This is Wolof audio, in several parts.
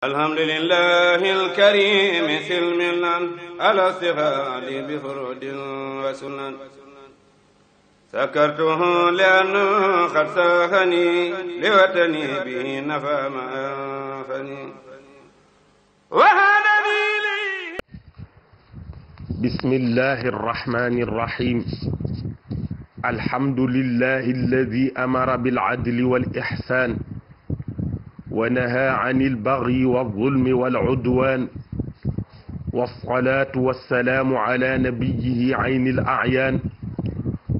الحمد لله الكريم سلم على استغال بفرود وسنن سكرته لأنه قد ساخني لوطني به نفى ما أنفني وهذا بسم الله الرحمن الرحيم الحمد لله الذي أمر بالعدل والإحسان ونهى عن البغي والظلم والعدوان والصلاة والسلام على نبيه عين الأعيان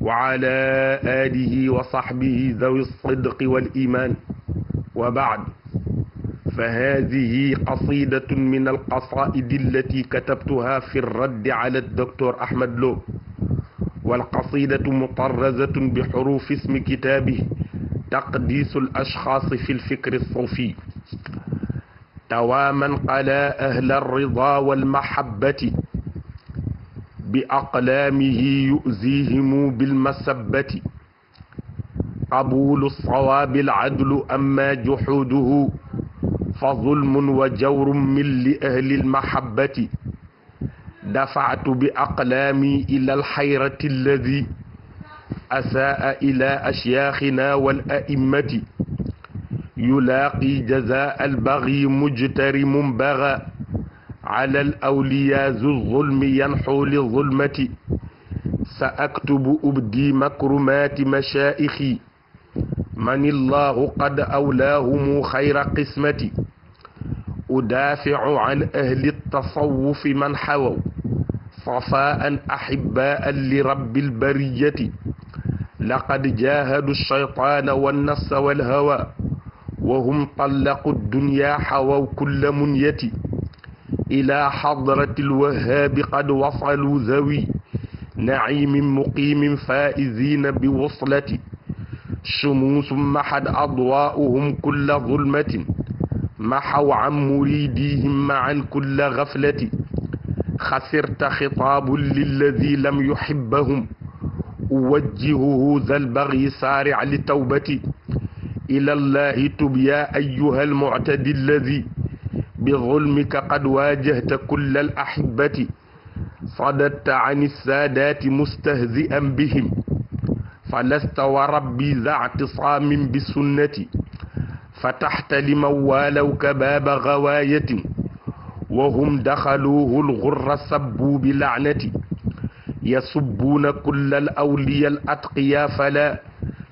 وعلى آله وصحبه ذوي الصدق والإيمان وبعد فهذه قصيدة من القصائد التي كتبتها في الرد على الدكتور أحمد لو والقصيدة مطرزة بحروف اسم كتابه تقديس الأشخاص في الفكر الصوفي تواما قلا أهل الرضا والمحبة بأقلامه يؤذيهم بالمسبة قبول الصواب العدل أما جحوده فظلم وجور من لأهل المحبة دفعت بأقلامي إلى الحيرة الذي asaa ila ashyaaxina wal a'immati yulaaqi jaza albaxyi mujtarimum baxa ala al awliya zu zulmi yanxu li zulmati sa aktubu ubdi makrumaati mashaayixi man illahu qad awlaahumu xayra qismati udaaficu can ahli tasawufi man xawaw safaan axibaan li rabbi lbariyati laqad jahadu lchaytana wannafsa walhawa wa hum tallaqu ddunya xawaw kulla munyati ila xadrati lwahaabi qad wasalu dhawi naimin muqimin faizina bi wuslati shumuusu maxad adwaa'uhum kulla zulmatin maxaw an muriidihim maan kulla gaflati xasirta xitaabun lilladi lam yuhibbahum uwajjihuhu zal bagyi saari li tawbati ila allahi tub yaa ayuha almuctadi alladi bi zulmika qad waajahta kulla al ahibati sadadta an saadaati mustahzian bihim falasta wa rabbi zactisaamin bisunnati fataxta liman waalawka baaba gawaayatin wa hum daxaluuhu lgurra sabbuu bi lacnati yasubbuuna kulla al awliya al atqiya fala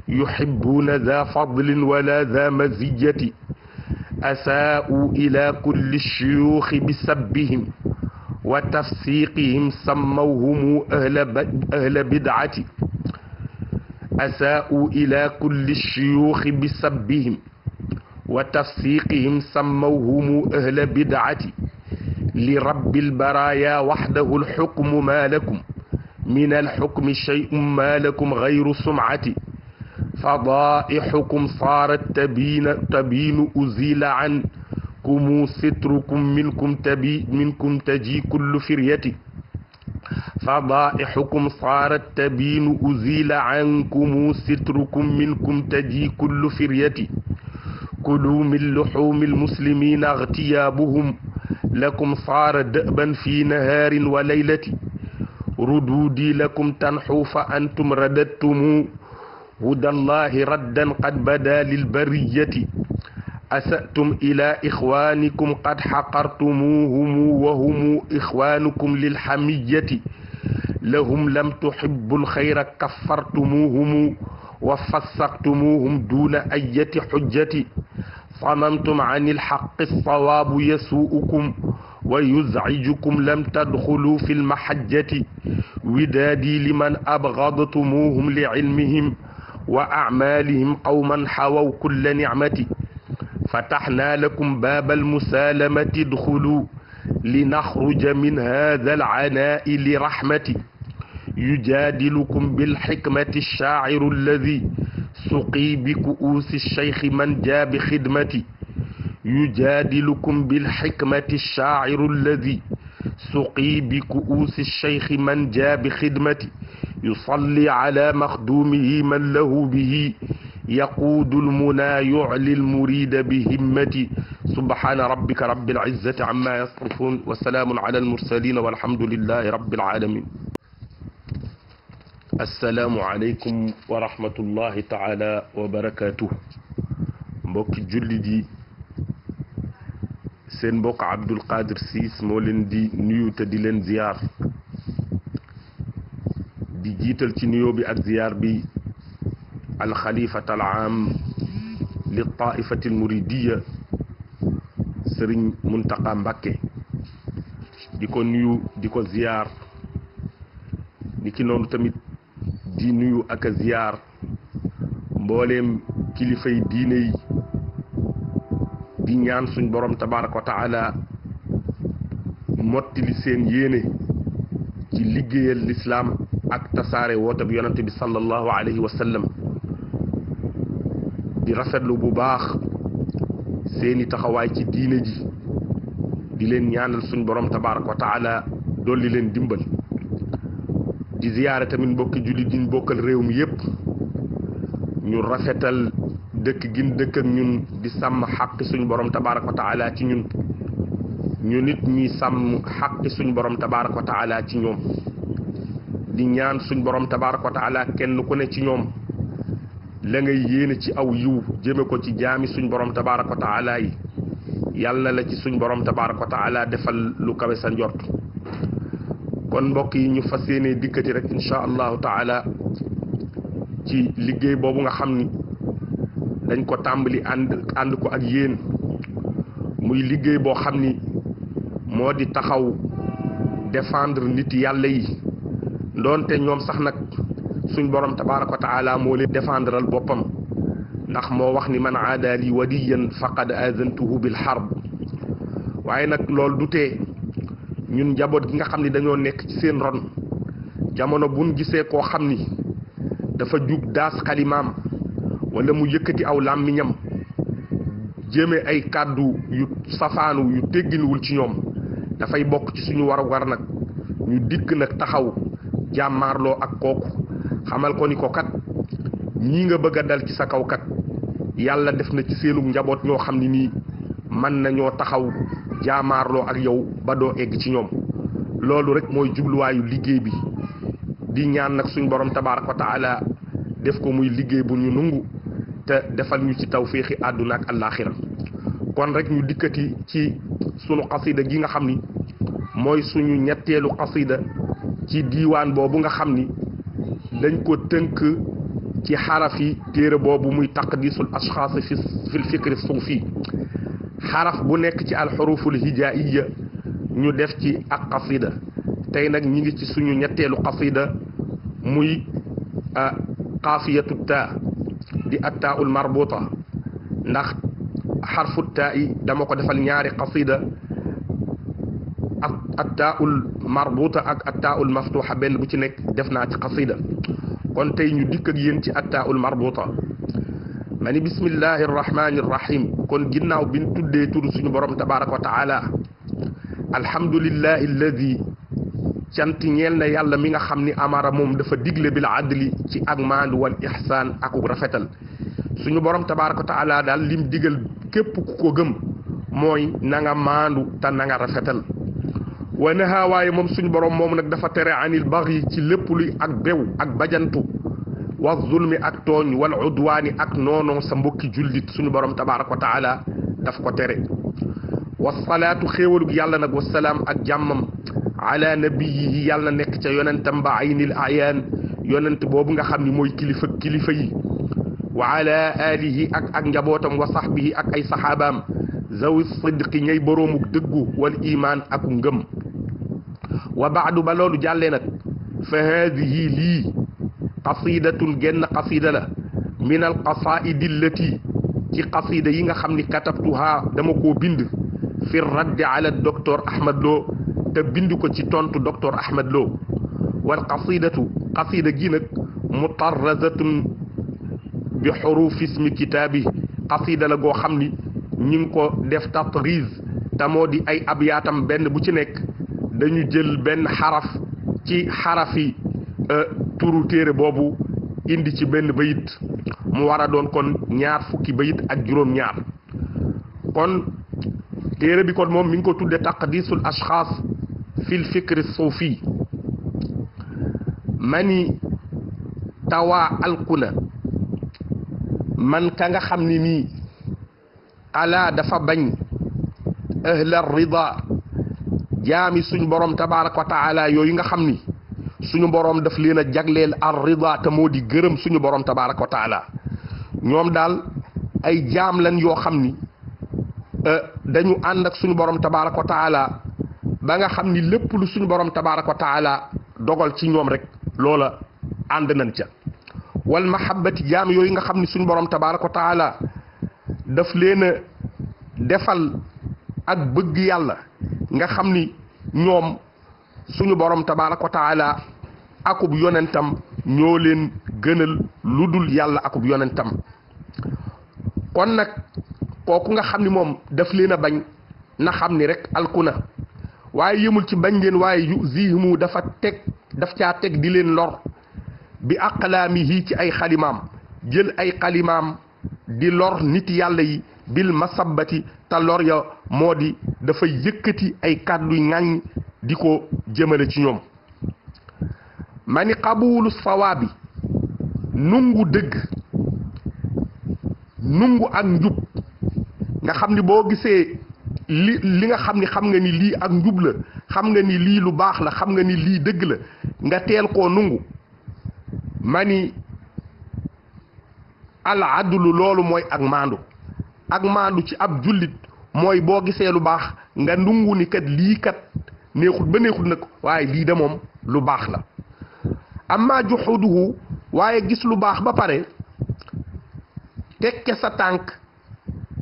yuhibbuuna daa fadlin wala daa mazijati asaa'u ila kulli shuyuuxi bi sabbihim wa tafsiqihim sammawhum ahla bidcati asaa'u ila kulli shuyuuxi bi sabbihim wa tafsiqihim sammawhum ahla bidcati li rabbil baraaya waxdahu alxukmu maa lakum min alxukmi cheyun ma lakum gayru sumcati fadaixukum saarat tabiina tabiinu uzila ankumu sitrukum minkum tabi minkum taji kullu firyati fadaixukum saarat tabiinu uzila ankumu sitrukum minkum taji kullu firyati kulu min luxuumi almuslimina agtiyaabuhum lakum saara da'ban fi nahaarin wa laylati rududi lakum tanxu fa antum radattumu hudallahi raddan qad bada lilbariyati asatum ila ixwanikum qad xaqartumuhumu wa humu ixwanukum lilxamiyati lahum lam tuhibbul xayra kaffartumuhumu wa fassaqtumuhum duna ayati xujjati صممتم عن الحق الصواب يسوءكم wa yuzcijukum lam tadxulu fi lmahajjati widaadi liman abgadtumuhum li cilmihim wa acmaalihim qawman xawaw kulla nicmati fataxnaa lakum baaba almusaalamati idxulu linaxruja min haada alcanaa'i liraxmati yujaadilukum bilxikmati alshaaciru alladi suqii biku'uusi alshaykhi man jaa bixidmati yujaadilukum bilxikmati lshaaciru alladi suqii bi ku'uusi lcheykhi man jaa bi xidmati yusalli ala maxduumihi man lahu bihi yaquudu lmunaa yucli lmurida bihimmati subhaana rabbika rabbil izzati amma yasifun wa salaamun ala almursalin walhamdulillahi rabbil alamin assalaamu aleykum wa rahmatullahi taala wa barakatuh mbokki jullit yi seen mbokk Abdou Khadre Ciss moo leen di nuyu te di leen ziyaar di jiital ci nuyoo bi ak ziyaar bi alxalifat al aam li taifati al muridiya sëriñ Muntaqa Mbàkke di ko nuyu di ko ziyaar ni ki tamit di nuyu ak a ziyaar mbooleem kilifay diine di ñaan suñ borom tabaaraka wa motti li seen yéene ci liggéeyal lislaam ak tasaare woote bi yonante bi sallallahu alayhi wa sallam di rafetlu bu baax seeni taxawaay ci diine ji di leen ñaanal suñ borom tabaaraka wa taala dolli leen dimbal di ziyaare tamit mbokki jullit diñ bokkal réew mi yépp ñu rafetal dëkk gin dëkk ak ñun di sàmm xàq suñ borom tabaaraka wa taala ci ñun ñu nit ñi sàmm xàq suñ borom tabaaraka wa taala ci ñoom di ñaan suñu borom tabaaraka wa taala kenn ku ne ci ñoom la ngay yéene ci aw yiw jëme ko ci jaami suñu borom tabaaraka wa taala yi yàlla la ci suñ borom tabaaraka wa taala defal lu kawe sa njort kon mbokk yi ñu fas yéene dikkati rek incha allahu taala ci liggéey boobu nga xam ni. dañ ko tàmbali ànd ànd ko ak yéen muy liggéey boo xam ni moo di taxaw defendre nit yàlla yi doonte ñoom sax nag suñ boroom tabaaraka wa taala moo leen défendral boppam ndax moo wax ni man aada li waliyan faqad azantuhu bil harb waaye nag loolu du tee ñun njaboot gi nga xam ni dañoo nekk ci seen ron jamono buñ gisee koo xam ni dafa jug daas xalimaam wala mu yëkkati aw làmmiñam jéeme ay kàddu yu safaanu yu tegginuwul ci ñoom dafay bokk ci suñu war war nag ñu dikk nag taxaw jàmmaarloo ak kooku xamal ko ni ko kat ñi nga bëgg a dal ci sa kaw kat yàlla def na ci seenu njaboot ñoo xam ne nii mën nañoo taxaw jaamaarloo ak yow ba doo egg ci ñoom loolu rek mooy jubluwaayu liggéey bi di ñaan nag suñ borom tabaaraka wa def ko muy liggéey bu ñu nungu te defal ñu ci tawféexi àdduna ak àllaaxira kon rek ñu dikkati ci sunu xasida gi nga xam ni mooy suñu ñetteelu xasida ci diwaan boobu nga xam ni dañ ko tënk ci xarafi yi téere boobu muy taqdisul ashxaas fi fil fikri suufi xaraf bu nekk ci alxuruful hijaiya ñu def ci ak xasida tey nag ñi ngi ci suñu ñetteelu xasida muy xaafiyatu ah, ta di attaa'ul marbuta ndax xarfu taa dama ko defal ñaari qasida ak attaa'ul marbuta ak attaa'ul maftuuxa benn bu ci nekk def naa ci qasida kon tey ñu dikk ak yéen ci attaa'ul marbuta ma ni bismillahi irrahmani irrahim kon ginnaaw bi ñu tuddee tur suñu borom tabaraka wa taala alhamdulillahi alladi cant ñeel na yàlla mi nga xam ni amara moom dafa digle bil adli ci ak maandu wal ihsaan akuk rafetal suñu borom tabaaraka taala daal lim digal képp ku ko gëm mooy na nga maandu te na rafetal wa naha waaye moom suñu borom moom nag dafa tere anil baghi ci lépp luy ak bew ak bajantu wa zulmi ak tooñ wal udwaani ak noonoo sa mbokki jullit suñu borom tabaaraka taala daf ko tere wasalaatu xéewalug yàlla nag wasalaam ak jàmmam ala nabiyihi yàlla na nekk ca yonentam ba aynil ayaan yonent boobu nga xam ni mooy kilifa kilifa yi wa ala alihi ak ak njabootam wa sahbihi ak ay saxaabaam zawi sidqi ñay boroomu dëggu wal imaan ak ngëm wa baadu ba loolu jàllee nag fa haadihi lii qasidatun genn qasida la min al qasaidi allati ci qasida yi nga xam ni katabtuha dama koo bind fi raddi ala docteur Ahmad Lo te bind ko ci tontu docteur Ahmed Lo wal qasidatu qasida gi nag mutarrazatun bi xuruf ismi kitaabi qasida la goo xam ni ñu ngi ko def tatriz te di ay abyaatam benn bu ci nekk dañu jël benn xaraf ci xarafi e, turu téere boobu indi ci benn bayit mu war a doon kon ñaar fukki bayit ak juróom ñaar kon téere bi kon moom mi ngi ko tudde taqdisul ashxaas في الفكر الصوفي mani tawa alkuna man ka nga xam ni nii ala dafa bañ ahla rida jaami suñu borom tabaraka wa taala yooyu nga xam ni suñu borom daf leen a jagleel ar rida te moo di gërëm suñu borom tabaraka wa taala ñoom daal ay jaam lan yoo xam ni eh, dañu ànd ak suñu borom tabaraka wa taala ba nga xam ni lépp lu suñu borom tabaaraka wa taala dogal ci ñoom rek loola ànd nañ ca wal mahabbati jaam yooyu nga xam ni suñu borom tabaaraka wa taala daf leen a defal ak bëgg yàlla nga xam ni ñoom suñu borom tabaaraka taala akub yonentam ñoo leen gënal lu dul yàlla akub yonentam kon nag kooku nga xam ni moom daf leen a bañ na xam ni rek alkuna waaye yëmul ci bañ leen waaye yu zihimu dafa teg daf caa teg di leen lor bi aqlaamihi ci ay xalimaam jël ay xalimaam di lor nit yàlla yi bil masabbati te lor ya moo di dafa yëkkati ay kàddu ŋàññ di ko jëmale ci ñoom ma ni xabuulu sawaabi nungu dëgg nungu ak njub nga xam ni boo gisee li li nga xam ni xam nga ni lii ak njub la xam nga ni lii lu baax la xam nga ni lii dëgg la nga teel koo nungu ma ni al adlu loolu mooy ak maandu ak maandu ci ab jullit mooy boo gisee lu baax nga ndungu ni kat lii kat neexut ba neexut nag waaye lii de moom lu baax la am amma juxuduhu waaye gis lu baax ba pare tekke sa tànk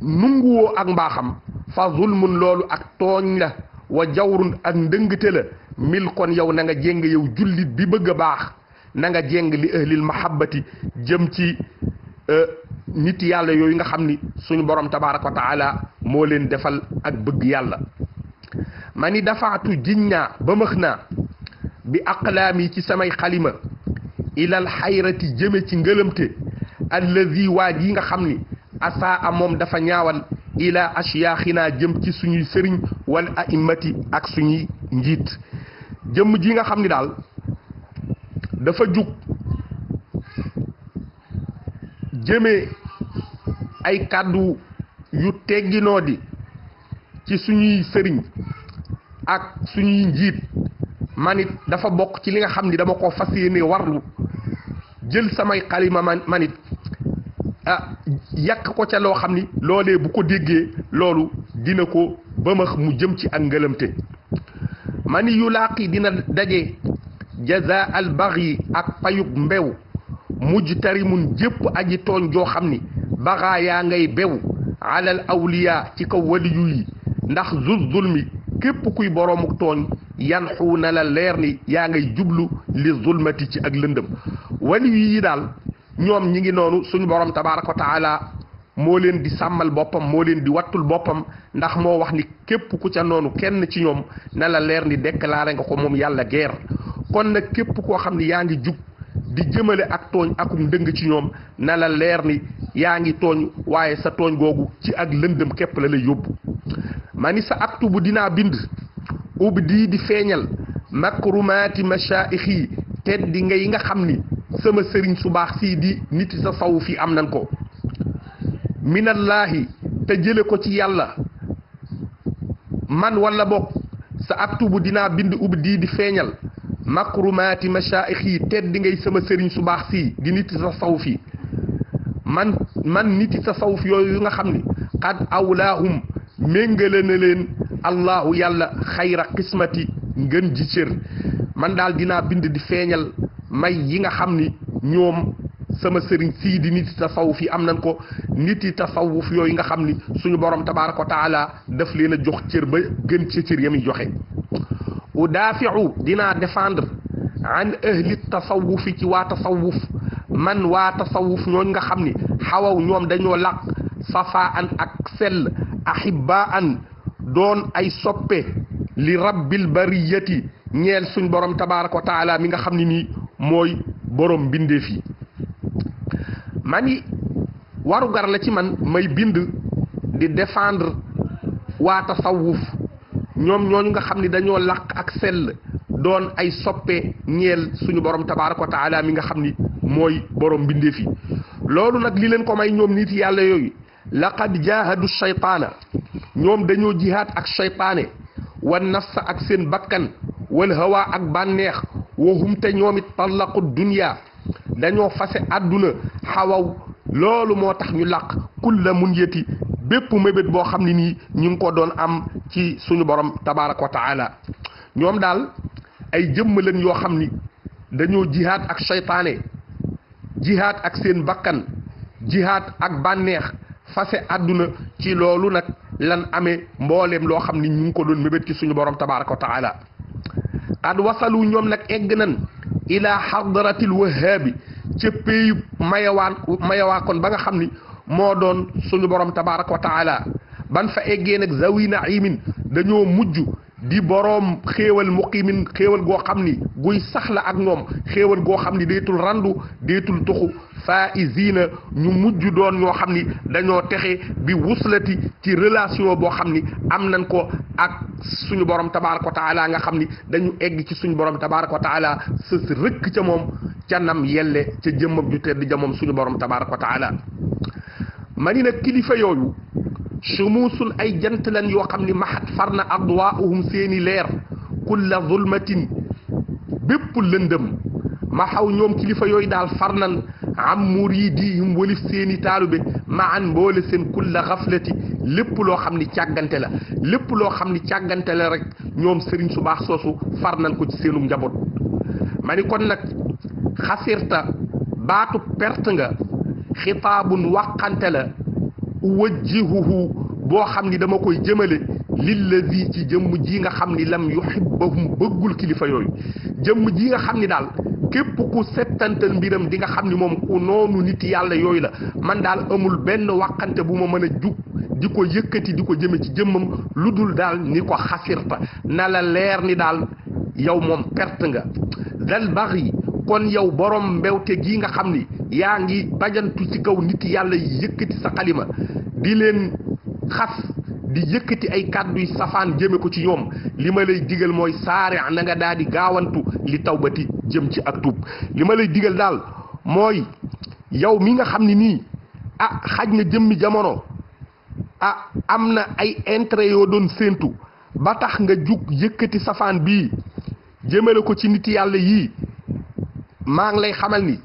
nunguwoo ak mbaaxam fa zulmun loolu ak tooñ la wa jawrun ak ndëngte la mil kon yow na nga jéng jullit bi bëgg a baax nanga nga jéng li ahlil mahabbati jëm ci e, nit yàlla yooyu nga xam ni suñu borom tabaaraka wa taala moo leen defal ak bëgg yàlla ma ni dafaatu jiñ ba mëx bi aqlaam ci samay xalima ilal xayrati jëme ci ngëlëmte allazi waaj yi nga xam ni asaa moom dafa ñaawan ila ashyaaxinaa jëm ci suñuy sëriñ wala a'immati ak suñuy njiit jëmm ji nga xam ni daal dafa jug jëme ay kàddu yu tegginoo di ci suñuy sëriñ ak suñuy njiit manit dafa bokk ci li nga xam ni dama ko fas yéene warlu jël samay xalima man man ah, yàq ko ca loo xam ni loole bu ko déggee loolu dina ko bëmax mu jëm ci ak ngëlëmte mani yu laaqi dina daje jaza al baghi ak payub mbew mujj tarimun jépp aji tooñ joo xam ni baxaa yaa ngay bew alal awliya ci kaw waliyu yi ndax zul képp kuy boroomu tooñ yan xuu na la leer ni yaa ngay jublu li zulmati ci ak lëndëm waliyu yi daal ñoom ñi ngi noonu suñu borom tabaaraka wa moo leen di sàmmal boppam moo leen di wattul boppam ndax moo wax ni képp ku ca noonu kenn ci ñoom na la leer ni dekk laa déclaré nga ko moom yàlla guerre kon nag képp koo xam ni yaa ngi jug di jëmale ak tooñ akum dëng ci ñoom na la leer ni yaa ngi tooñ waaye sa tooñ googu ci ak lëndëm képp la lay yóbbu ma ni sa aktu bu dinaa bind ub di feeñal makrumaati mashaayixi tedd di nga yi nga xam ni sama sëriñ su baax sii di nit sa saw fii am nan ko minallaahi te jële ko ci yàlla man wala bokk sa bu dinaa bind ub dii di feeñal makrumaati machaayix yi tedd di ngay sama sëriñ su baax sii di nit sa saw fii man man nit sa saw fi yooyu nga xam ni xad awlaahum méngale leen allahu yàlla xayra qismati ngën ji cër man daal dinaa bind di feeñal may yi nga xam ni ñoom sama sëriñ sii di nit tasawuf am nañ ko nit yi tasawuf yooyu nga xam ni suñu borom tabaaraka wa taala def leen a jox cër ba gën ca cër ya muy joxe udaafiu dinaa défendre an ahli tasawufi ci waa tasawuf man waa tasawuf ñooñ nga xam ni xawaw ñoom dañoo laq safaa an ak sell ahibba doon ay soppe li rabbil bariyati ñeel suñ borom tabaaraka wa taala mi nga xam ne nii mooy boroom mbindeef yi maa ngi waru gar la ci man may bind di défendre waa tasawuf ñoom ñooñu nga xam ni dañoo làq ak sell doon ay soppe ñeel suñu borom tabaaraka wa mi nga xam ni mooy borom mbindeef yi loolu nag li leen ko may ñoom nit yàlla yooyu laqad jaahadu shaytaana ñoom dañoo jihaat ak shaytaane wan nafsa ak seen bakkan wal hawa ak bànneex waxum te ñoom it tallaqu dunya dañoo fase àdduna xawaw loolu moo tax ñu làq kulla mun yëti bépp mébét boo xam ne nii ñu ngi ko doon am ci suñu borom tabaaraka wa taala ñoom daal ay jëmm lañ yoo xam ni dañoo jihaad ak seytaane jihaad ak seen bakkan jihaad ak bànneex fase àdduna ci loolu nag lan amee mbooleem loo xam ni ñu ngi ko doon mébét ci suñu borom tabaaraka wa taala xad wasalu ñoom nag egg nan ila xadratil wahaabi ca péeyu mayawaan mayawaakoon ba nga xam ni moo doon suñu borom tabaraka wa taala ban fa eggee nag zawi naimin dañoo mujj di boroom xéewal muqimin xéewal goo xam ni guy sax la ak ñoom xéewal goo xam ni deetul randu deetul tuxu faisina ñu mujj doon ñoo xam ni dañoo texe bi wuslati ci relation boo xam ni am nañ ko ak suñu borom tabaraka wa taala nga xam ni dañu egg ci suñu borom tabaraka wa taala sës rëkk ca moom ca nam yelle ca jëmmam ju tedd ja moom suñu borom tabaraka wa taala ma kilifa yooyu shumuusun ay jant lan yoo xam ni maxat far na adwaauhum seeni leer kulla zulmatin bépp lëndëm ma ñoom kilifa yooyu daal far nan am muridihim walif seeni taalu be an mboole seen kulla xaflati lépp loo xam ni càggante la lépp loo xam ni càggante la rek ñoom sëriñ su baax soosu far nan ko ci seenum njaboot ma ni kon nag xasirta baatu perte nga xitaabun waqante la uwajjihuhu boo xam ni dama koy jëmale di ci jëmm ji nga xam ni lam yuhibbahum bëggul kilifa yooyu jëmm ji nga xam ni daal képp ku settantal mbiram di nga xam ni moom ku noonu nit yàlla yooyu la man daal amul benn wàqante bu ma mën a jug di ko yëkkati di ko jëme ci jëmmam lu dul daal ni ko xasirta na la leer ni daal yow moom perte nga dal bax yi kon yow borom mbewte gi nga xam ni yaa ngi bajantu ci kaw nit yàlla yëkkati sa xalima di leen xas di yëkkati ay kàdduy safaan jëme ko ci ñoom li ma lay digal mooy saare na nga daal di gaawantu li tawbati jëm ci ak tuub li ma lay digal daal mooy yow mi nga xam ni nii a ah xaj na jëmmi jamono a ah am na ay intérêt yoo doon séentu ba tax nga jug yëkkati safaan bii jëmale ko ci nit yàlla yii maa ngi lay xamal ni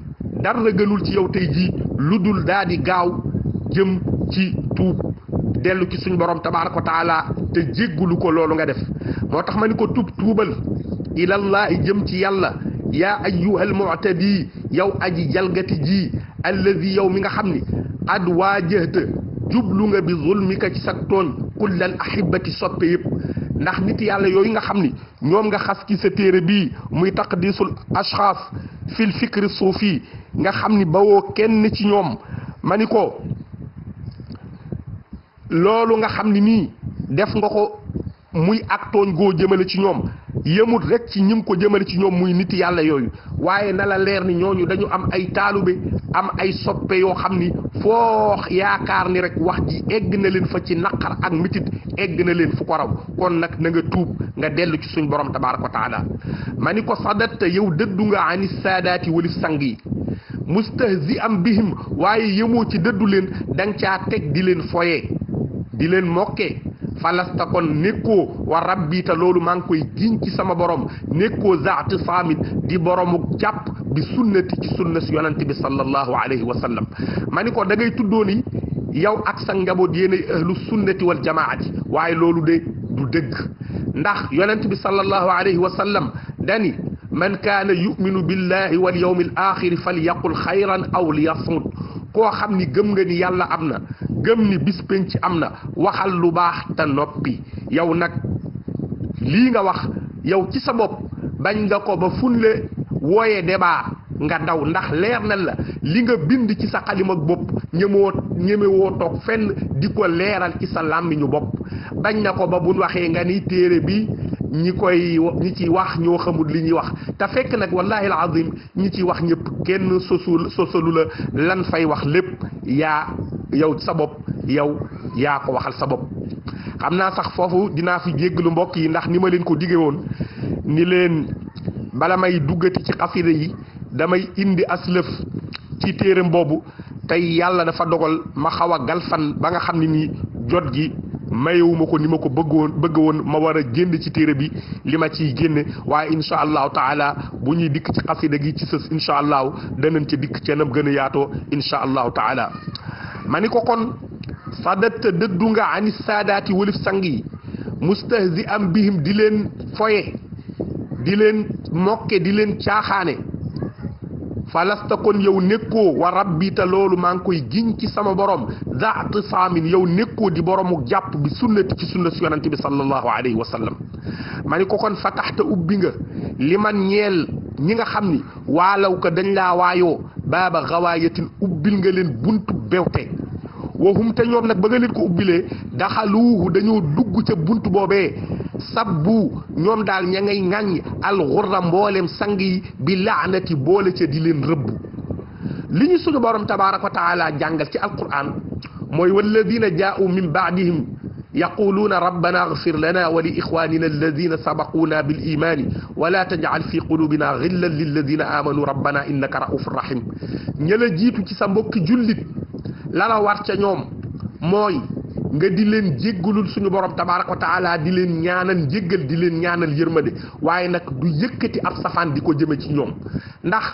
dara gënul ci yow tey jii lu dul daa di gaaw jëm ci tuub dellu ci suñu borom tabaaraka wa taala te jéggulu ko loolu nga def moo tax ma ni ko tuub tuubal ilallaahi jëm ci yàlla yaa ayyuhal mu'tadi yow aji jalgati ji allazi yow mi nga xam ni ad waajahta jublu nga bi zulmika ci sa tooñ kullal ahibati soppe yëpp ndax nit yàlla yooyu nga xam ni ñoom nga xas ci sa téere bii muy taqdisul ashxaaf fil fikri suufi nga xam ni bawoo kenn ci ñoom ma ni ko loolu nga xam ni nii def nga ko muy ak tooñ goo jëmale ci ñoom yëmut rek ci ñim ko jëmale ci ñoom muy nit yàlla yooyu waaye na la leer ni ñooñu dañu am ay taalube am ay soppe yoo xam ni foo yaakaar ni rek wax ji egg na leen fa ci naqar ak mitit egg na leen fu ko raw kon nag na nga tuub nga dellu ci suñ borom tabaaraka wa taala ma ni ko sadatta yow dëddu nga ani saadaati walif sang yi mustahzi am bihim waaye yëmoo ci dëddu leen da nga caa teg di leen foye di leen mokkee falasta kon nekkoo wa rabbi loolu maa ngi koy giñ ci sama borom nekkoo zaati saamit di boromu jàpp bi sunnati ci sunna si yonante bi sallallahu alayhi wa sallam ma ni ko da ngay tuddoo ni yow ak sa njaboot yéenay ahlu waaye loolu de du dëgg ndax yonente bi sallallahu alayhi wa sallam dani man kaana yuminu billahi wal yawmi al axiri aw liyasmut koo xam ni gëm nga ni yàlla am na gëm ni bis ci am na waxal lu baax te noppi yow nag lii nga wax yow ci sa bopp bañ nga ko ba fun la wooyee débat nga daw ndax leer na la li nga bind ci sa xalim bopp ñemoo ñemewoo toog fenn di ko leeral ci sa làmmiñu bopp bañ na ko ba buñ waxee nga ni téere bi ñi koy ñi ci wax ñoo xamul li ñuy wax te fekk nag wallahi alazim ñi ciy wax ñépp kenn sosul sosalu la lan fay wax lépp yaa yow sa bopp yow yaa ko waxal sa bopp xam naa sax foofu dinaa fi jéggalu mbokk yi ndax ni ma leen ko digge woon ni leen bala may duggati ci xasida yi damay indi aslëf ci téere boobu tey yàlla dafa dogal ma xaw a galfan ba nga xam ne nii jot gi mayewuma ko ni ma ko bëgg woon bëgg woon ma war a génn ci téere bi li ma ciy génne waaye incha allahu taala bu ñuy dikk ci xasida gi ci sës incha allahu danan ci dikk ca nam gën a yaatoo incha allahu taala ma ni ko kon sadatta dëddu nga ani saadaati walif sang yi mustahzi am bihim di leen foye di leen mokke di leen caaxaane falasta kon yow nekkoo wa rabbita loolu maa ngi koy giñ ci sama borom zaat saamin yow nekkoo di boromu jàpp bi sunnati ci sunna si yonante bi sallallahu alayhi wa sallam ko kon fataxta ubbi nga li man ñeel ñi nga xam ni waalaw ko dañ laa waayoo baaba xawaayatin ubbil nga leen buntu bewte waxum te ñoom nag ba nga leen ko ubbilee daxaluuhu dañoo dugg ca bunt boobe sabbu ñoom daal ña ngay ŋàññ alxurra mboolem sang yi bi laanati boole ca di leen rëbb li ñu suñu borom tabaaraka wa taala jàngal ci alquran mooy walladina jaau min baadihim yaquluuna rabbana agfir lana wa li ixwanina alladina sabaquuna bil imani wala tajcal fi qulubina gillan lilladina amanu rabbana innaka rauf rahim ña jiitu ci sa mbokki jullit la la war ca ñoom mooy nga di leen jéggalul suñu borom tabaraka wa taala di leen ñaanal njéggal di leen ñaanal yërmande waaye nag du yëkkati ab safaan di ko jëme ci ñoom ndax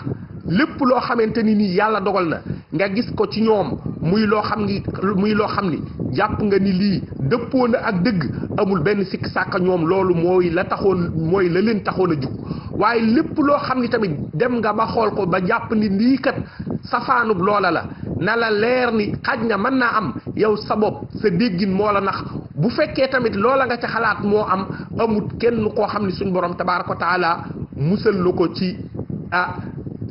lépp loo xamante ni nii yàlla dogal na nga gis ko ci ñoom muy loo xam ni muy loo xam ni jàpp nga ni lii dëppoo na ak dëgg amul benn sikk sàkka ñoom loolu mooy la taxoon mooy la leen taxoon a jug waaye lépp loo xam ni tamit dem nga ba xool ko ba jàpp ni lii kat safaanub loola la na la leer ni xaj nga mën naa am yow sa bopp sa déggin moo la nax bu fekkee tamit loola nga ca xalaat moo am amut kenn koo xam ni suñ borom tabaaraka taala musal lu ko ci ah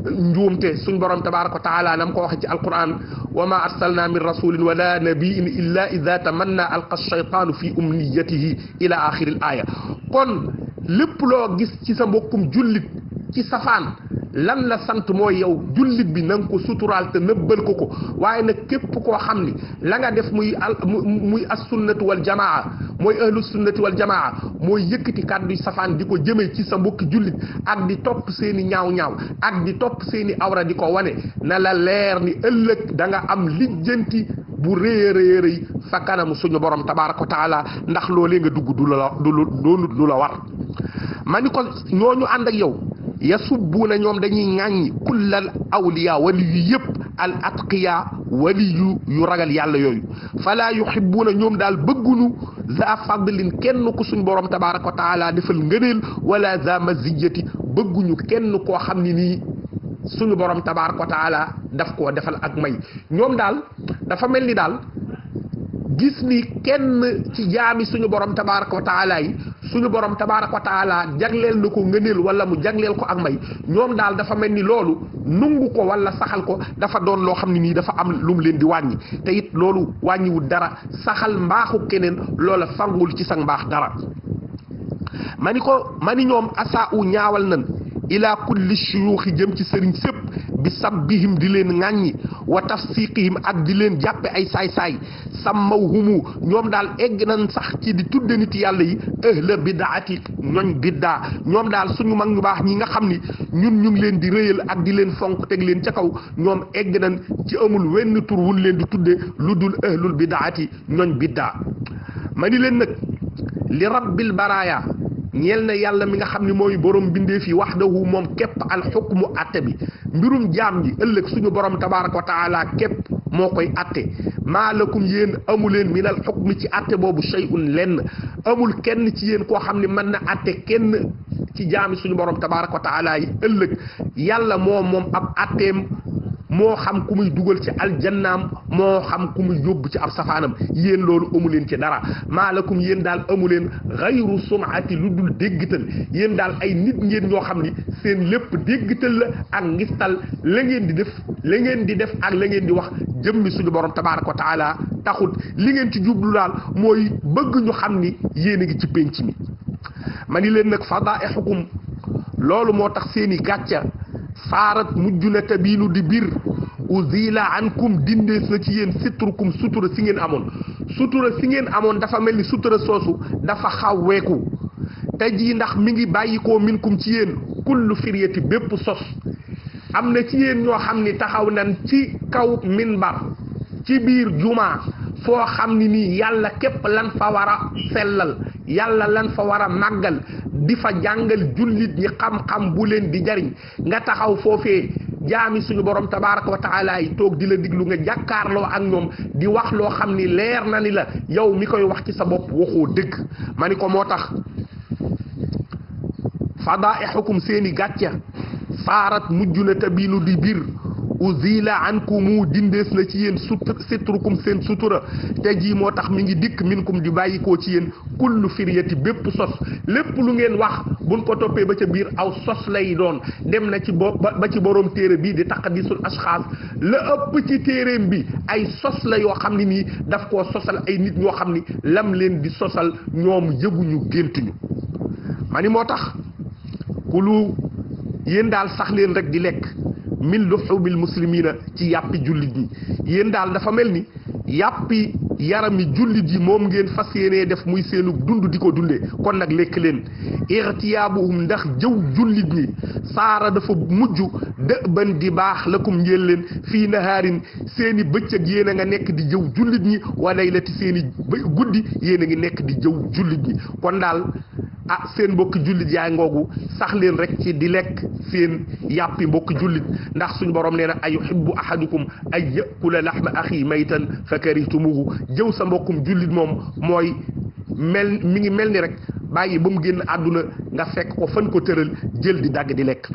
njuumte suñ borom tabaraka wa taala nam ko waxee ci alquran wa ma arsalna min rasulin wala nabiin ida tamanna alqa shaytaanu fi umniyatihi ila axiril aaya kon lépp loo gis ci sa mbokkum jullit ci safaan lan la sant mooy yow jullit bi na ko suturaal te nëbbal ko ko waaye nag képp koo xam ni la nga def muy al muy as sunnatu wal mooy ahlu sunnati wal jamaa mooy yëkkati kàddu safaan di ko jëmee ci sa mbokki jullit ak di topp seeni ñaaw-ñaaw ak di topp seeni awra di ko wane na la leer ni ëllëg da nga am lijjanti bu rëy a rëy rëy fa kanamu suñu borom tabaaraka wa ndax loolee nga dugg du la du lu doonut lu la war ma ni ko ñooñu ànd ak yow yasubbuuna ñoom dañuy ŋàññi kullal awliya wali yu yëpp al atqiya wali yu yu ragal yàlla yooyu falaa fala yuhibbuuna ñoom daal bëgguñu za fadlin kenn ku suñu borom tabaraka wa taala defal ngëneel wala za maziyati bëgguñu kenn koo xam ni nii suñu borom tabaraka wa taala daf koo defal ak may ñoom daal dafa mel ni daal gis ni kenn ci jaami suñu borom tabaaraka wa suñu borom tabaaraka wa taala jagleel na ko ngëneel wala mu jagleel ko ak may ñoom daal dafa mel ni loolu nungu ko wala saxal ko dafa doon loo xam ne nii dafa am lu leen di wàññi te it loolu wàññiwul dara saxal mbaaxu keneen loola fangul ci sa mbaax dara mani ko ma ni ñoom asaa ñaawal nan ilaa kulli shuyuuxi jëm ci sëriñ sépp bi sabbihim di leen ŋàññi wa tafsiqihim ak di leen jàppe ay saay-saay sàmmaw humu ñoom daal egg nañ sax ci di tudde nit yàlla yi ahla bidaati ñooñ biddaa ñoom daal suñu mag ñu baax ñi nga xam ni ñun ñu ngi leen di rëyal ak di leen fonk teg leen ci kaw ñoom egg nañ ci amul wenn tur wun leen di tudde lu dul ahlul bidaati ñooñ biddaa ma ni leen nag li rabbil baraaya ñeel na yàlla mi nga xam ne mooy borom bindee fi waxdahu moom képp alxukmu atte bi mbirum jaam ji ëllëg suñu borom tabaaraka wa taala képp moo koy atte maa lakum yéen amu leen minal xukmi ci atte boobu shay'un lenn amul kenn ci yéen koo xam ne mën na atte kenn ci jaami suñu borom tabaaraka wa taala yi ëllëg yàlla moom moom ab atteem. moo xam ku muy dugal ci aljannaam moo xam ku muy yóbbu ci ab safaanam yéen loolu amu leen ci dara maalakum yéen daal amu leen xayru sumaati lu dul déggtal yéen daal ay nit ngeen ñoo xam ni seen lépp déggtal la ak ngistal la ngeen di def la ngeen di def ak la ngeen di wax jëmmi suñu borom tabaaraka wa taala taxut li ngeen ci jublu daal mooy bëgg ñu xam ni yéen a ngi ci pénc mi ma ni leen nag fadaixukum loolu moo tax seeni gàcca faarat mujj na tabiilu di bir uzila ankum dindees na ci yéen sitrukum sutura si ngeen amoon sutura si ngeen amoon dafa mel ni sutura soosu dafa xaw te ji ndax mi ngi bàyyikoo minkum ci yéen kullu firyati bépp sos am na ci yéen ñoo xam ni taxaw nan ci kaw minbar ci biir jumaa foo xam ni nii yàlla képp lan fa war a sellal yàlla lan fa war a màggal di fa jàngal jullit ñi xam-xam bu leen di jariñ nga taxaw foofee jaami suñu borom tabaraka wa toog di la diglu nga jàkkaarloo ak ñoom di wax loo xam ni leer na ni la yow mi koy wax ci sa bopp waxoo dëgg ma ni ko moo tax fadaixukum seeni gàcca saarat mujj na tabiinu di biir uzila ankumu dindees na ci yéen sutur sitrukum seen sutura te jii moo tax mi ngi dikk minkum di bàyyikoo ci yéen kullu firyati bépp sos lépp lu ngeen wax buñ ko toppee ba ca biir aw sos lay doon dem na ci bo ba ci boroom téere bii di taqdisul asxaas la ëpp ci téereem bi ay sos la yoo xam ne nii daf koo sosal ay nit ñoo xam ni lam leen di sosal ñoom yëguñu géntuñu ma ni moo tax kulu yéen daal sax leen rek di lekk min luxumil muslimina ci yàppi jullit ñi yéen daal dafa mel ni yàppi yarami jullit yi moom ngeen fas yéenee def muy seenu dund di ko dundee kon nag lekk leen irtiyaabuhum ndax jëw jullit ñi saara dafa mujj dëban di baax la lakum njël leen fii nahaarin seeni bëccëg yéen a nga nekk di jëw jullit ñi wa laylati seeni guddi yéen a ngi nekk di jëw jullit ñi kon daal ah seen mbokki jullit yaa ngoogu sax leen rek ci di lekk seen yàppi mbokki jullit ndax suñ borom nee na ay yuhibbu ahadukum ay yakula lahma axi maytan fa karihtumuhu jëw sa mbokkum jullit moom mooy mel mi ngi mel ni rek bàyyi ba mu génn àdduna nga fekk ko fan ko tëral jël di dagg di lekk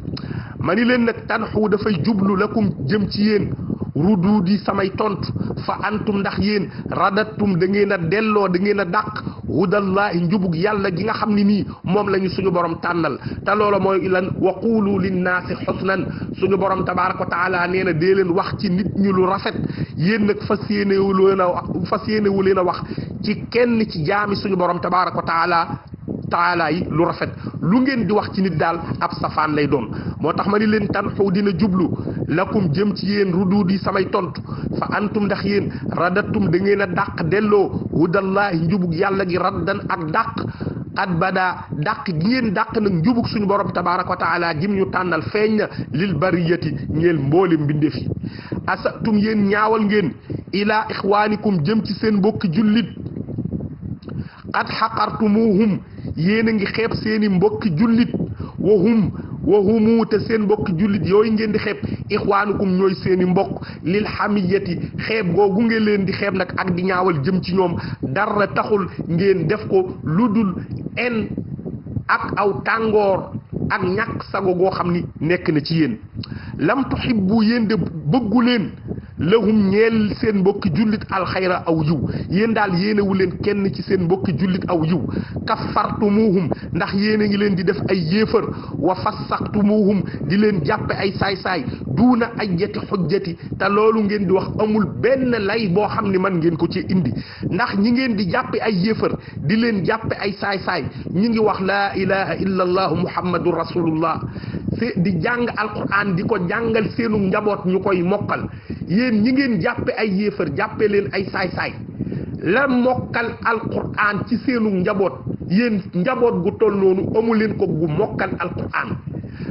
ma ni leen nag tanxu dafay jublu lakum jëm ci yéen ruduudi samay tontu fa antum ndax yéen radattum da ngeen a delloo da ngeen a dàq hudallaahi njubug yàlla gi nga xam ne nii moom la ñu suñu borom tànnal te loola mooy lan wa qulu linnaasi xusnan suñu borom tabaaraka wa taala nee na dee leen wax ci nit ñi lu rafet yéen nag fas yéenewu leen a fas yéenewu leen a wax ci kenn ci jaami suñu borom tabaaraka wa taala taala yi lu rafet lu ngeen di wax ci nit daal ab safaan lay doon moo tax ma ni leen tan xaw dina jublu lakum jëm ci yéen ruduud yi samay tontu fa antum ndax yéen radattum da ngeen a dàq delloo hudallahi njubug yàlla gi raddan ak dàq at badaa dàq gi ngeen dàq nag njubug suñu borom tabaraka wa taala jim ñu tànnal feeñ na lil bariyati ñeel mboolem mbindeef yi asatum ñaawal ngeen ilaa ixwaanikum jëm ci seen mbokki jullit qad xaqartumuhum yéen a ngi xeeb seeni mbokki jullit wa hum wa humu te seen mbokki jullit yooyu ngeen di xeeb ixwaanukum ñooy seen i mbokk lil xamiyati xeeb googu ngeen leen di xeeb nag ak di ñaawal jëm ci ñoom dara taxul ngeen def ko lu dul en ak aw tàngoor ak ñàkk sago goo xam ni nekk na ci yéen lam tuhibbu yéen de bëggu leen lahum ñeel seen mbokki jullit alxayra aw yiw yéen daal yéenewu leen kenn ci seen mbokki jullit aw yiw kafartumuhum ndax yéen a ngi leen di def ay yéefar wa fassaqtumuhum di leen jàpp ay saay-saay duuna ajjati xujjati te loolu ngeen di wax amul benn lay boo xam ne man ngeen ko ci indi ndax ñi ngeen di jàppe ay yéefar di leen jàpp ay saay-saay ñi ngi wax laa ilaha illa allahu muhammadun rasulullah di jàng alquran di ko jàngal seenu njaboot ñu koy mokkal yéen ñi ngeen jàppe ay yéefar jàppe leen ay saay-saay la mokkal alquran ci seenu njaboot yéen njaboot gu toll noonu amu leen ko gu mokkal alquran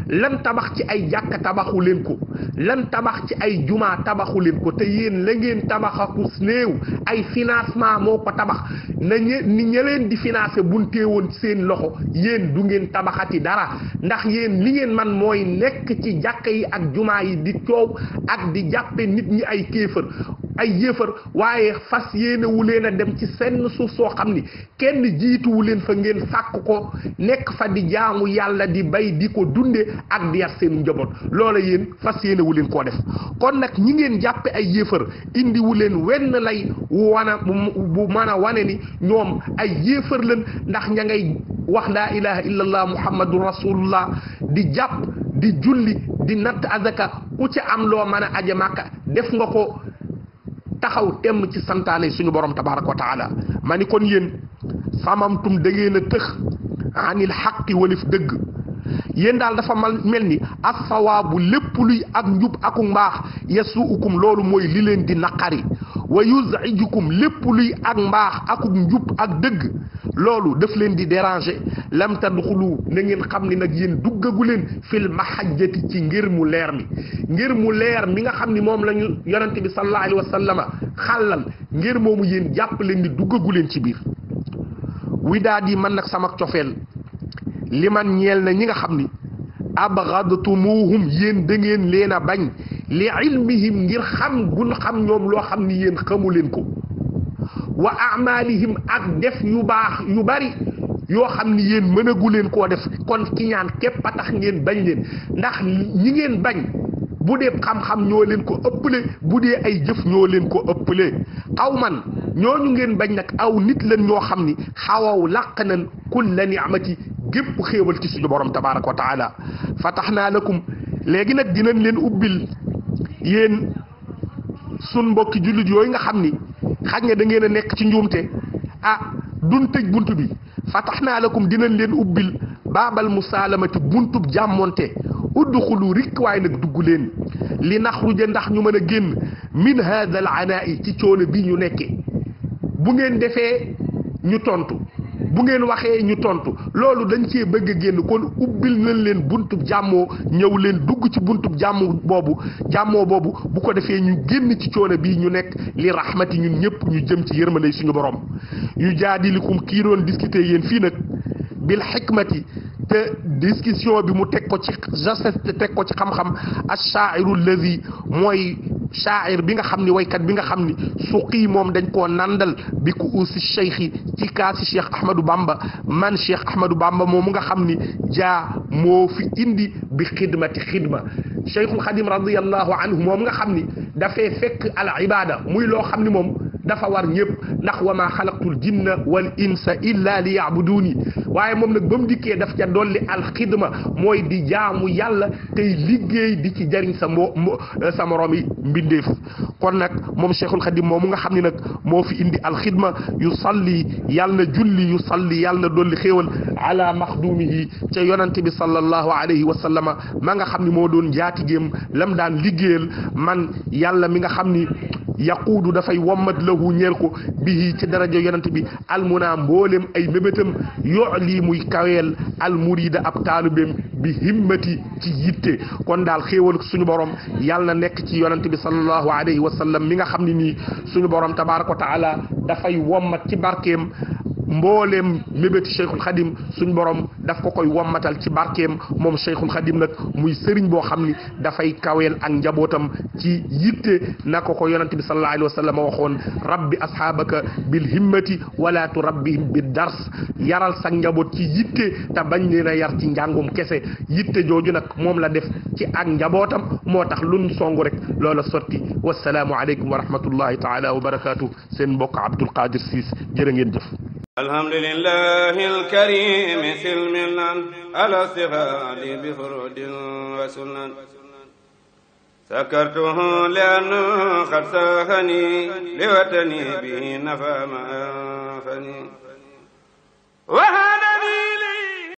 lan tabax ci ay jàkka tabaxu leen ko lan tabax ci ay jumaa tabaxu leen ko te yéen la ngeen tabaxaku néew ay financement moo ko tabax na ni ña leen di financé buñ teewoon seen loxo yéen du ngeen tabaxati dara ndax yéen li ngeen man mooy nekk ci jàkka yi ak juma yi di coow ak di jàppe nit ñi ay kéefër ay yéefar waaye fas yéene wu leen a dem ci seen suuf soo xam ni kenn jiituwu leen fa ngeen sàkk ko nekk fa di jaamu yàlla di bay di ko dunde ak di yar seen njaboot loola yéen fas yéene wu leen koo def kon nag ñi ngeen jàppe ay yéefar indi wu leen wenn lay wana bu mën a wane ni ñoom ay yéefar leen ndax ña ngay wax la ilaha illallah muhammadu rasulullah di jàpp di julli di natt azaka ku ci am loo mën a aja màkka def nga ko taxaw temm ci santaane suñu boroom tabaraka wa taala ma ni kon yéen samamtum da ngeen a tëx anil xaqi walif dëgg yéen daal dafa mal mel ni assawaabu lépp luy ak njub aku mbaax yasuukum loolu mooy li leen di naqari wa yuzijukum lépp luy ak mbaax akuk njub ak dëgg loolu def leen di déranger lam tadxulu na ngeen xam ni nag yéen duggagu leen fil mahajjati ci ngir mu leer mi ngir mu leer mi nga xam ni moom lañu ñu yonente bi sallallahu alayhi wa sallama xàllal ngir moomu yéen jàpp leen ni duggagu leen ci biir wi yi man nag sama cofeel li man ñeel na ñi nga xam ni abgadtumuhum yéen da ngeen leen a bañ li ilmihim ngir xam gun xam ñoom loo xam ni yéen xamu leen ko wa amalihim ak def yu baax yu bari yoo xam ni yéen mënagu leen koo def kon ki ñaan képp a tax ngeen bañ leen ndax ñi ngeen bañ bu dee xam-xam ñoo leen ko ëpple bu dee ay jëf ñoo leen ko ëpple xaw man ñooñu ngeen bañ nag aw nit lan ñoo xam ni xawaw làq nañ kulla ni'mati gépp xéewal ci suñu borom tabaraka wa taala fatahnaa lakum léegi nag dinañ leen ubbil yéen sun mbokki jullit yooyu nga xam ni xaj nga da ngeen a nekk ci njuumte ah dun tëj bunt bi fatax naa lakum dinañ leen ubbil baabal musaalamati buntub jàmmonte udduxulu rikk waaye nag dugg leen li naxruja ndax ñu mën a génn min haada al anaa'i ci coono bii ñu nekkee bu ngeen defee ñu tontu bu ngeen waxee ñu tontu loolu dañ cee bëgg a génn kon ubbil nañ leen buntub jàmmoo ñëw leen dugg ci buntub jàmm boobu jàmmoo boobu bu ko defee ñu génn ci coono bii ñu nekk li rahmati ñun ñëpp ñu jëm ci yërmande suñu borom yu jaadilikum kii doon discuter yéen fii nag bil xikmati te discussion bi mu teg ko ci jastesse te teg ko ci xam-xam ashairu lazi mooy shaa'ir bi nga xam ni waykat bi nga xam ni suqii moom dañ koo nandal bi ku usi cheikhi ci kaasi cheikh ahmadou bamba man cheikh ahmadou bamba moom mu nga xam ni jaa moo fi indi bi xidmati xidma cheikhul xadim radiallahu anhu moom nga xam ni dafay fekk al ibada muy loo xam ni moom dafa war ñëpp ndax wa maa xalaqtul jinna wal insa illa li yaabuduni waaye moom nag ba mu dikkee daf ca dolli alxidma mooy di jaamu yàlla tey liggéey di ci jariñ sa mbo sa morom yi mbindeef kon nag moom cheikhul xadim moomu nga xam ni nag moo fi indi alxidma yu salli yàlla na julli yu salli yàlla na dolli xéewal ala maxdumihi ca yonante bi sallallahu alayhi wa sallama ma nga xam ni moo doon jaati géem lam daan liggéeyal man yàlla mi nga xam ni yaquudu dafay wommat lahu ñeel ko bihi ci daraja yonent bi almunaa mboolem ay mébétam yooli muy kaweel almurida ab taalubeem bi himmati ci yitte kon daal xéewal suñu borom yàlla na nekk ci yonent bi sallallahu alayhi wa sallam mi nga xam ne nii suñu borom tabaraka wa taala dafay wommat ci barkeem mbooleem mébéti cheikhul xadim suñ borom daf ko koy wommatal ci barkem moom cheikhul xadim nag muy sëriñ boo xam ni dafay kaweel ak njabootam ci yitte na ko ko yonante bi sallallahu alayhi wa sallam waxoon rabbi ashaabaka bil himmati wala turabbihim bi dars yaral sa njaboot ci yitte te bañ leen a yar ci njàngum kese yitte jooju nag moom la def ci ak njabootam moo tax luñ song rek loola sotti wasalaamu aleykum wa rahmatullahi taala wa barakaatu seen mbokk Abdoul Qadir Ciss jërë ngeen jëf alhamdulillahi alkarimi silmilan ala sixaali bi furudin wa sunan sakartuhu lianna xad saxani li watani bi nafa ma anfani wa hadani